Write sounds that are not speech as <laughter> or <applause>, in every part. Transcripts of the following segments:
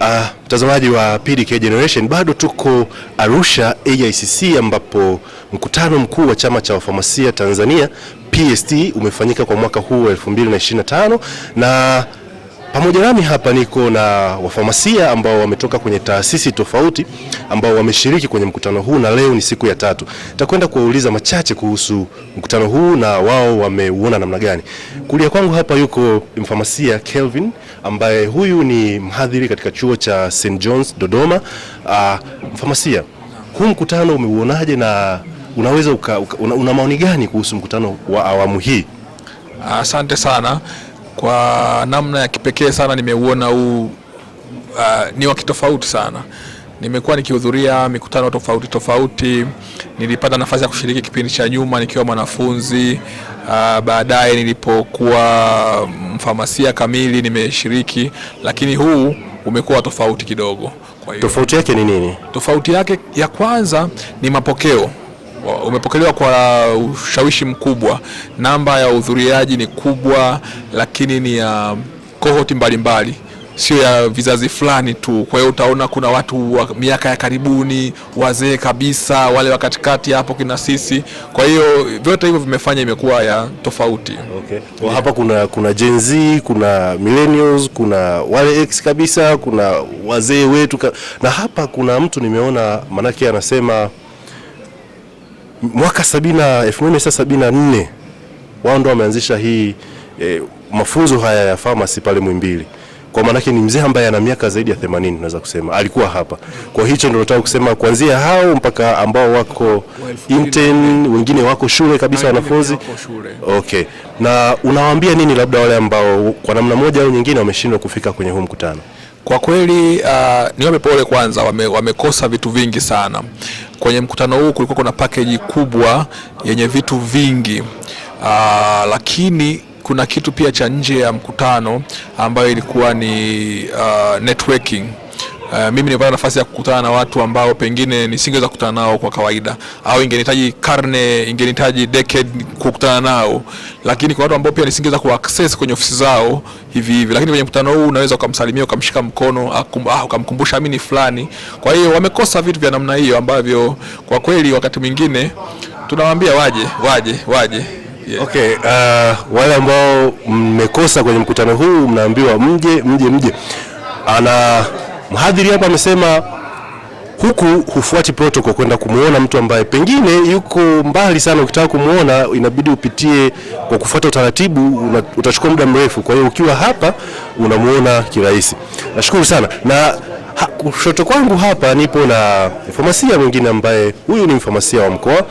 Ah, mtazamaji uh, wa PDK Generation bado tuko Arusha AICC ambapo mkutano mkuu wa chama cha wafamasia Tanzania PST umefanyika kwa mwaka huu wa 2025 na pamoja nami hapa niko na wafamasia ambao wametoka kwenye taasisi tofauti ambao wameshiriki kwenye mkutano huu na leo ni siku ya tatu. Nitakwenda kuwauliza machache kuhusu mkutano huu na wao wameuona namna gani. Kulia kwangu hapa yuko mfamasia Kelvin ambaye huyu ni mhadhiri katika chuo cha St John's Dodoma. Uh, mfamasia, huu mkutano umeuonaje na unaweza uka, uka, una, una maoni gani kuhusu mkutano wa awamu hii? Asante sana kwa namna ya kipekee sana nimeuona huu uh, ni wa kitofauti sana. Nimekuwa nikihudhuria mikutano tofauti tofauti, nilipata nafasi ya kushiriki kipindi cha nyuma nikiwa mwanafunzi uh, baadaye nilipokuwa mfamasia kamili nimeshiriki, lakini huu umekuwa tofauti kidogo. Kwa hiyo tofauti yake ni nini? Tofauti yake ya kwanza ni mapokeo umepokelewa kwa ushawishi mkubwa. Namba ya uhudhuriaji ni kubwa, lakini ni ya kohoti mbalimbali sio ya vizazi fulani tu. Kwa hiyo utaona kuna watu wa miaka ya karibuni, wazee kabisa, wale wa katikati hapo kina sisi. Kwa hiyo vyote hivyo vimefanya imekuwa ya tofauti. Okay. Yeah. Hapa kuna kuna Gen Z, kuna millennials, kuna wale X kabisa, kuna wazee wetu ka... na hapa kuna mtu nimeona manake anasema mwaka 1974 wao ndo wameanzisha hii e, mafunzo haya ya pharmacy pale Muhimbili. Kwa maana yake ni mzee ambaye ana miaka zaidi ya 80 naweza kusema alikuwa hapa. Kwa hicho ndio nataka kusema kuanzia hao mpaka ambao wako intern, wengine wako shule kabisa wanafunzi. Okay. Na unawaambia nini labda wale ambao kwa namna moja au nyingine wameshindwa kufika kwenye huu mkutano? Kwa kweli uh, niwape pole kwanza, wame, wamekosa vitu vingi sana kwenye mkutano huu. Kulikuwa kuna pakeji kubwa yenye vitu vingi uh, lakini kuna kitu pia cha nje ya mkutano ambayo ilikuwa ni uh, networking Uh, mimi nilipata nafasi ya kukutana na watu ambao pengine nisingeweza kukutana nao kwa kawaida, au ingenihitaji karne, ingenihitaji decade kukutana nao, lakini kwa watu ambao pia nisingeweza ku access kwenye ofisi zao hivi hivi, lakini kwenye mkutano huu unaweza ukamsalimia, ukamshika mkono, ah, ukamkumbusha mimi ni fulani. Kwa hiyo wamekosa vitu vya namna hiyo ambavyo kwa kweli wakati mwingine tunawaambia waje waje waje. Yeah. Okay, uh, wale ambao mmekosa kwenye mkutano huu mnaambiwa mje mje mje ana Mhadhiri hapa amesema huku hufuati protocol kwenda kumuona mtu ambaye pengine yuko mbali sana. Ukitaka kumuona inabidi upitie kwa kufuata utaratibu, utachukua muda mrefu. Kwa hiyo ukiwa hapa unamuona kirahisi. Nashukuru sana na ha, kushoto kwangu hapa nipo na mfamasia mwingine ambaye huyu ni mfamasia wa mkoa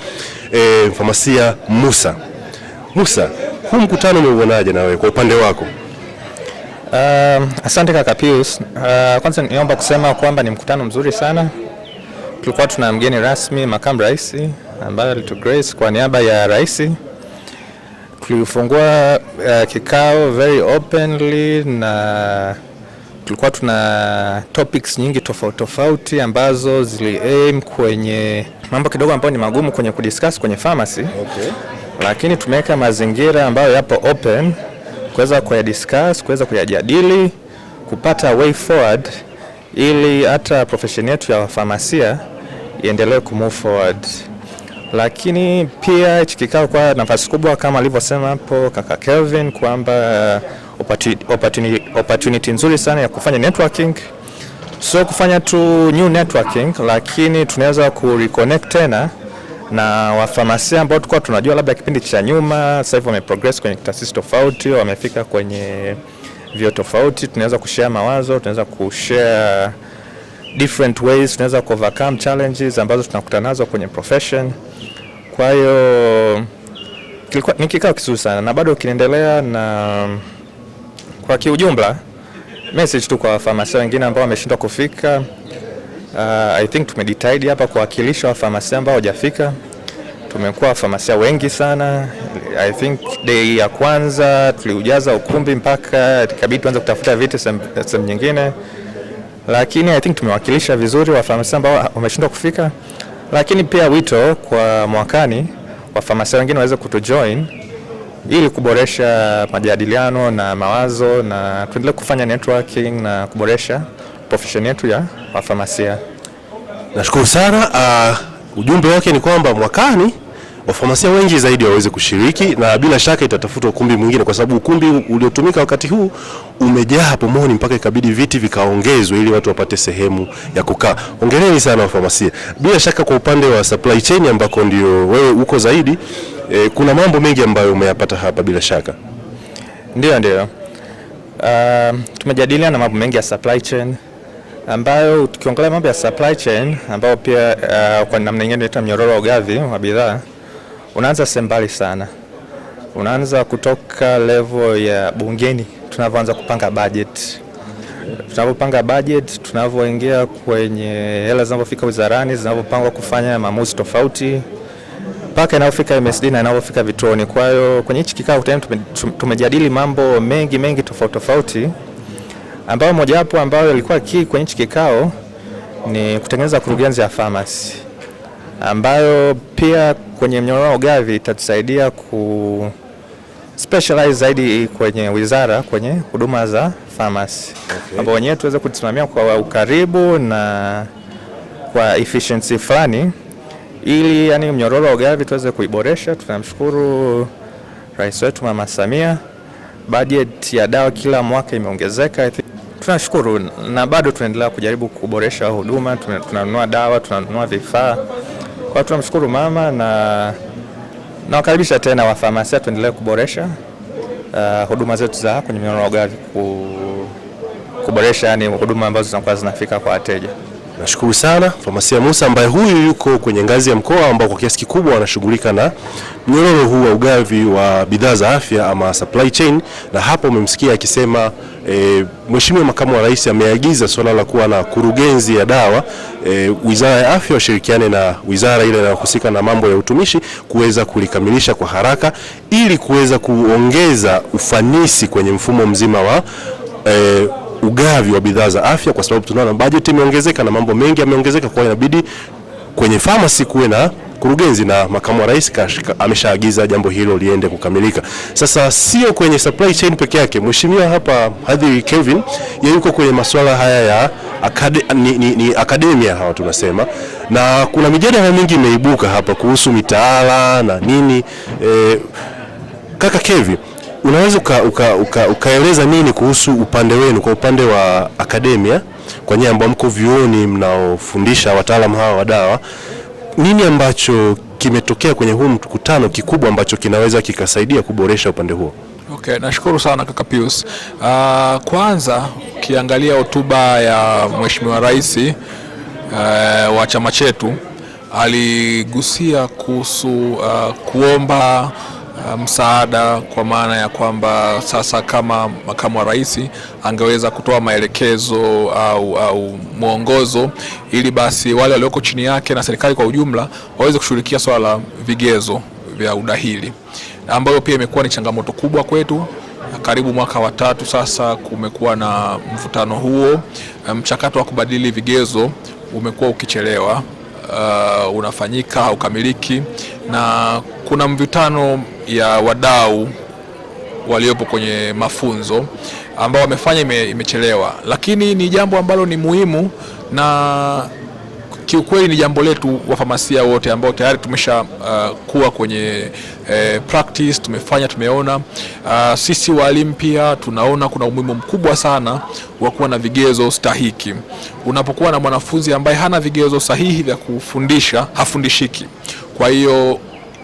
e, mfamasia Musa Musa, huu mkutano umeuonaje na wewe kwa upande wako? Uh, asante kaka Pius. Uh, kwanza niomba kusema kwamba ni mkutano mzuri sana. Tulikuwa tuna mgeni rasmi makamu rais ambaye grace kwa niaba ya rais. Tulifungua uh, kikao very openly na tulikuwa tuna topics nyingi tofauti tofauti ambazo zili aim kwenye mambo kidogo ambayo ni magumu kwenye kudiscuss kwenye pharmacy. Okay. Lakini tumeweka mazingira ambayo yapo open kuweza kuyadiscuss, kuweza kuyajadili, kupata way forward ili hata profesheni yetu ya wafamasia iendelee kumove forward. Lakini pia hichi kikao kwa nafasi kubwa kama alivyosema hapo kaka Kelvin kwamba uh, opportunity, opportunity nzuri sana ya kufanya networking, so kufanya tu new networking, lakini tunaweza reconnect tena na wafamasia ambao tulikuwa tunajua labda kipindi cha nyuma, sasa hivi wameprogress kwenye taasisi tofauti, wamefika kwenye vyo tofauti, tunaweza kushare mawazo, tunaweza kushare different ways, tunaweza overcome challenges ambazo tunakutana nazo kwenye profession. Kwa hiyo kilikuwa ni kikao kizuri sana na bado kinaendelea, na kwa kiujumla message tu kwa wafamasia wengine ambao wameshindwa kufika Uh, I think tumejitahidi hapa kuwakilisha wafamasia ambao hawajafika. Tumekuwa wafamasia wengi sana. I think day ya kwanza tuliujaza ukumbi mpaka ikabidi tuanze kutafuta viti sehemu nyingine, lakini I think tumewakilisha vizuri wafamasia ambao wameshindwa kufika, lakini pia wito kwa mwakani wafamasia wengine waweze kutujoin ili kuboresha majadiliano na mawazo na tuendelee kufanya networking na kuboresha profession yetu ya wafamasia. Nashukuru sana. Uh, ujumbe wake ni kwamba mwakani wafamasia wengi zaidi waweze kushiriki na bila shaka itatafuta ukumbi mwingine, kwa sababu ukumbi uliotumika wakati huu umejaa pomoni mpaka ikabidi viti vikaongezwe ili watu wapate sehemu ya kukaa. Hongereni sana wafamasia. Bila shaka kwa upande wa supply chain ambako ndio wewe uko zaidi, eh, kuna mambo mengi ambayo umeyapata hapa bila shaka. Ndio, ndio. Uh, tumejadiliana mambo mengi ya supply chain ambayo tukiongelea mambo ya supply chain ambayo pia uh, kwa namna nyingine inaitwa mnyororo wa ugavi wa bidhaa, unaanza sehemu mbali sana, unaanza kutoka level ya bungeni, tunavyoanza kupanga budget, tunavyopanga budget, tunavyoingia kwenye hela zinavyofika wizarani, zinavyopangwa kufanya maamuzi tofauti mpaka inavyofika MSD na inavyofika vituoni. Kwa hiyo kwenye hichi kikao tumejadili mambo mengi mengi tofauti tofauti ambayo mojawapo ambayo ilikuwa ki kwenye hichi kikao ni kutengeneza kurugenzi ya famasi ambayo pia kwenye mnyororo wa ugavi itatusaidia ku specialize zaidi kwenye wizara kwenye huduma za famasi okay, ambao wenyewe tuweze kusimamia kwa ukaribu na kwa efficiency fulani ili yani mnyororo wa ugavi tuweze kuiboresha. Tunamshukuru Rais wetu Mama Samia, bajeti ya dawa kila mwaka imeongezeka. Tunashukuru na bado tunaendelea kujaribu kuboresha huduma, tunanunua dawa, tunanunua vifaa. Kwa tunamshukuru mama na nawakaribisha tena wafamasia, tuendelee kuboresha uh, huduma zetu za kwenye mnyororo ya ugavi kuboresha yani huduma ambazo zinakuwa zinafika kwa wateja. Nashukuru sana Famasia Musa ambaye huyu yuko kwenye ngazi ya mkoa ambao kwa kiasi kikubwa anashughulika na mnyororo huu wa ugavi wa bidhaa za afya ama supply chain, na hapo umemsikia akisema e, Mheshimiwa Makamu wa Rais ameagiza swala la kuwa na kurugenzi ya dawa e, Wizara ya Afya washirikiane na wizara ile inayohusika na mambo ya utumishi kuweza kulikamilisha kwa haraka ili kuweza kuongeza ufanisi kwenye mfumo mzima wa e, ugavi wa bidhaa za afya, kwa sababu tunaona bajeti imeongezeka na mambo mengi yameongezeka, kwa inabidi kwenye famasi kuwe na kurugenzi na makamu wa rais ameshaagiza jambo hilo liende kukamilika. Sasa sio kwenye supply chain peke yake, mheshimiwa hapa hadhi Kevin yeye yuko kwenye masuala haya ya akade, ni, ni, ni akademia hawa tunasema, na kuna mijadala mingi imeibuka hapa kuhusu mitaala na nini e, kaka Kevin, unaweza ukaeleza uka, uka nini kuhusu upande wenu kwa upande wa akademia kwa nyinyi ambao mko vioni mnaofundisha wataalamu hawa wa dawa, nini ambacho kimetokea kwenye huu mkutano kikubwa ambacho kinaweza kikasaidia kuboresha upande huo? Okay, nashukuru sana kaka Pius. Uh, kwanza ukiangalia hotuba ya Mheshimiwa Rais uh, wa chama chetu aligusia kuhusu uh, kuomba Eh, msaada kwa maana ya kwamba sasa kama makamu wa rais angeweza kutoa maelekezo au, au mwongozo ili basi wale walioko chini yake na serikali kwa ujumla waweze kushughulikia swala la vigezo vya udahili ambayo pia imekuwa ni changamoto kubwa kwetu. Karibu mwaka wa tatu sasa kumekuwa na mvutano huo. Eh, mchakato wa kubadili vigezo umekuwa ukichelewa, uh, unafanyika haukamiliki na kuna mvutano ya wadau waliopo kwenye mafunzo ambao wamefanya ime, imechelewa, lakini ni jambo ambalo ni muhimu na kiukweli ni jambo letu wafamasia wote ambao tayari tumesha uh, kuwa kwenye eh, practice tumefanya, tumeona. Uh, sisi walimu pia tunaona kuna umuhimu mkubwa sana wa kuwa na vigezo stahiki. Unapokuwa na mwanafunzi ambaye hana vigezo sahihi vya kufundisha, hafundishiki. Kwa hiyo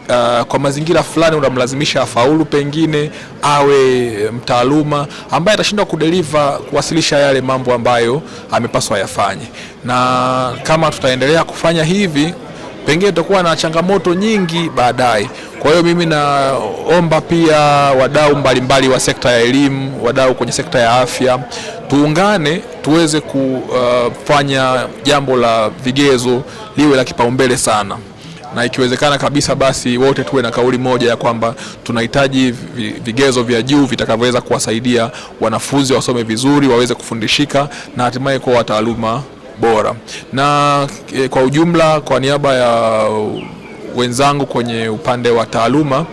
uh, kwa mazingira fulani unamlazimisha afaulu, pengine awe mtaaluma ambaye atashindwa kudeliver, kuwasilisha yale mambo ambayo amepaswa yafanye, na kama tutaendelea kufanya hivi pengine tutakuwa na changamoto nyingi baadaye. Kwa hiyo mimi naomba pia wadau mbalimbali wa sekta ya elimu, wadau kwenye sekta ya afya, tuungane tuweze kufanya jambo la vigezo liwe la kipaumbele sana na ikiwezekana kabisa, basi wote tuwe na kauli moja ya kwamba tunahitaji vigezo vya juu vitakavyoweza kuwasaidia wanafunzi wasome vizuri, waweze kufundishika na hatimaye kuwa wataaluma bora. Na e, kwa ujumla, kwa niaba ya wenzangu kwenye upande wa taaluma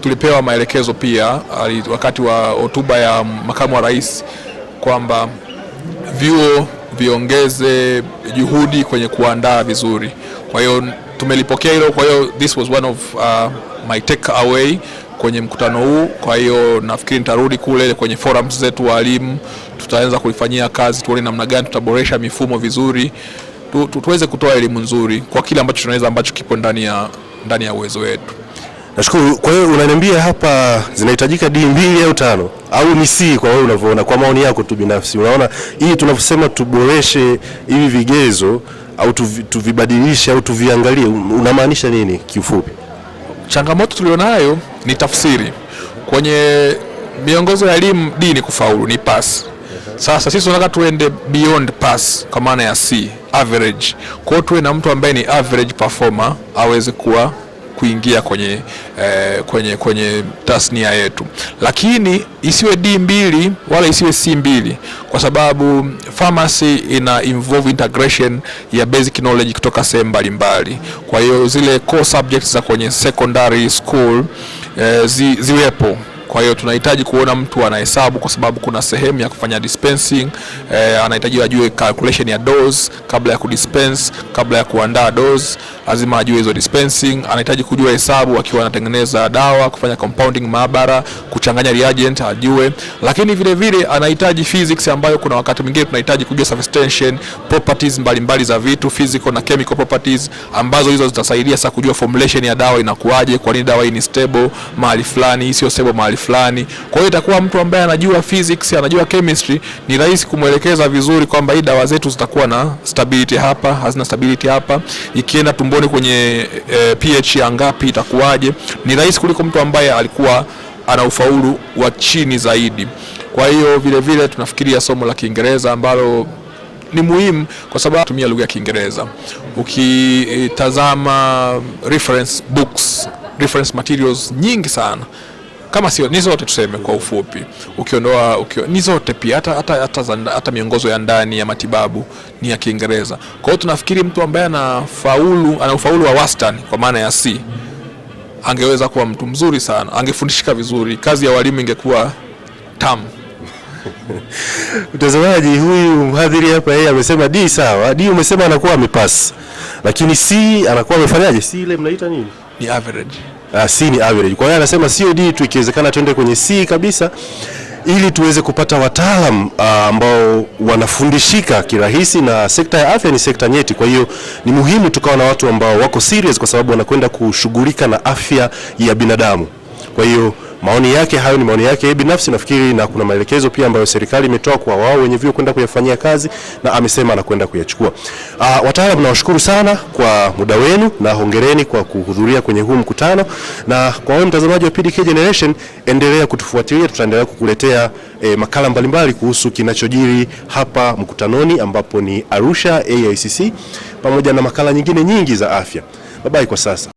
tulipewa maelekezo pia wakati wa hotuba ya makamu wa rais kwamba vyuo viongeze juhudi kwenye kuandaa vizuri. Kwa hiyo tumelipokea hilo. Kwa hiyo this was one of uh, my take away kwenye mkutano huu. Kwa hiyo nafikiri nitarudi kule kwenye forums zetu walimu, tutaanza kulifanyia kazi, tuone namna gani tutaboresha mifumo vizuri tu, tu, tuweze kutoa elimu nzuri kwa kile ambacho tunaweza ambacho kipo ndani ya ndani ya uwezo wetu. Nashukuru. Kwa hiyo unaniambia hapa zinahitajika D mbili au tano au ni C kwa wewe unavyoona, kwa maoni yako tu binafsi, unaona hii tunavyosema tuboreshe hivi vigezo au tuvibadilishe au tuviangalie, unamaanisha nini kiufupi? Changamoto tulionayo ni tafsiri kwenye miongozo ya elimu. dini kufaulu, ni pass. Sasa sisi tunataka tuende beyond pass kwa maana ya C average. Kwa hiyo tuwe na mtu ambaye ni average performer aweze kuwa kuingia kwenye, eh, kwenye, kwenye tasnia yetu, lakini isiwe D mbili wala isiwe C mbili kwa sababu pharmacy ina involve integration ya basic knowledge kutoka sehemu mbalimbali. Kwa hiyo zile core subjects za kwenye secondary school eh, zi, ziwepo. Kwa hiyo tunahitaji kuona mtu anahesabu, kwa sababu kuna sehemu ya kufanya dispensing eh, anahitaji ajue calculation ya dose kabla ya kudispense, kabla ya kuandaa dose lazima ajue hizo dispensing. Anahitaji kujua hesabu akiwa anatengeneza dawa, kufanya compounding maabara, kuchanganya reagent ajue, lakini vile vile anahitaji physics ambayo kuna wakati mwingine tunahitaji kujua substitution properties mbalimbali mbali za vitu physical na chemical properties, ambazo hizo zitasaidia sasa kujua formulation ya dawa inakuaje, kwa nini dawa hii ni stable mahali fulani, sio stable mahali fulani. Kwa hiyo itakuwa mtu ambaye anajua physics, anajua chemistry, ni rahisi kumwelekeza vizuri kwamba hii dawa zetu zitakuwa na stability hapa, hazina stability hapa, ikienda tumboni kwenye e, pH ya ngapi itakuwaje. Ni rahisi kuliko mtu ambaye alikuwa ana ufaulu wa chini zaidi. Kwa hiyo vile vile tunafikiria somo la Kiingereza ambalo ni muhimu kwa sababu tumia lugha ya Kiingereza. Ukitazama reference books, reference materials nyingi sana kama sio ni zote tuseme kwa ufupi, ukiondoa ukio, ni zote pia hata, hata, hata, hata miongozo ya ndani ya matibabu ni ya Kiingereza. Kwa hiyo tunafikiri mtu ambaye anafaulu ana ufaulu wa wastani kwa maana ya C angeweza kuwa mtu mzuri sana, angefundishika vizuri, kazi ya walimu ingekuwa tamu. <laughs> Mtazamaji, huyu mhadhiri hapa yeye amesema D sawa. D umesema anakuwa amepass, lakini C anakuwa amefanyaje? C ile mnaita nini? Ni average uh, C ni average. Kwa hiyo anasema COD tu ikiwezekana tuende kwenye C kabisa ili tuweze kupata wataalam uh, ambao uh, wanafundishika kirahisi, na sekta ya afya ni sekta nyeti. Kwa hiyo ni muhimu tukawa na watu ambao wako serious, kwa sababu wanakwenda kushughulika na afya ya binadamu. Kwa hiyo Maoni yake hayo ni maoni yake binafsi nafikiri, na kuna maelekezo pia ambayo serikali imetoa kwa wao wenye vyuo kwenda kuyafanyia kazi, na amesema anakwenda kuyachukua. Uh, wataalamu nawashukuru sana kwa muda wenu na hongereni kwa kuhudhuria kwenye huu mkutano, na kwa wewe mtazamaji wa PDK Generation, endelea kutufuatilia, tutaendelea kukuletea E, makala mbalimbali kuhusu kinachojiri hapa mkutanoni ambapo ni Arusha AICC pamoja na makala nyingine nyingi za afya. Babai kwa sasa.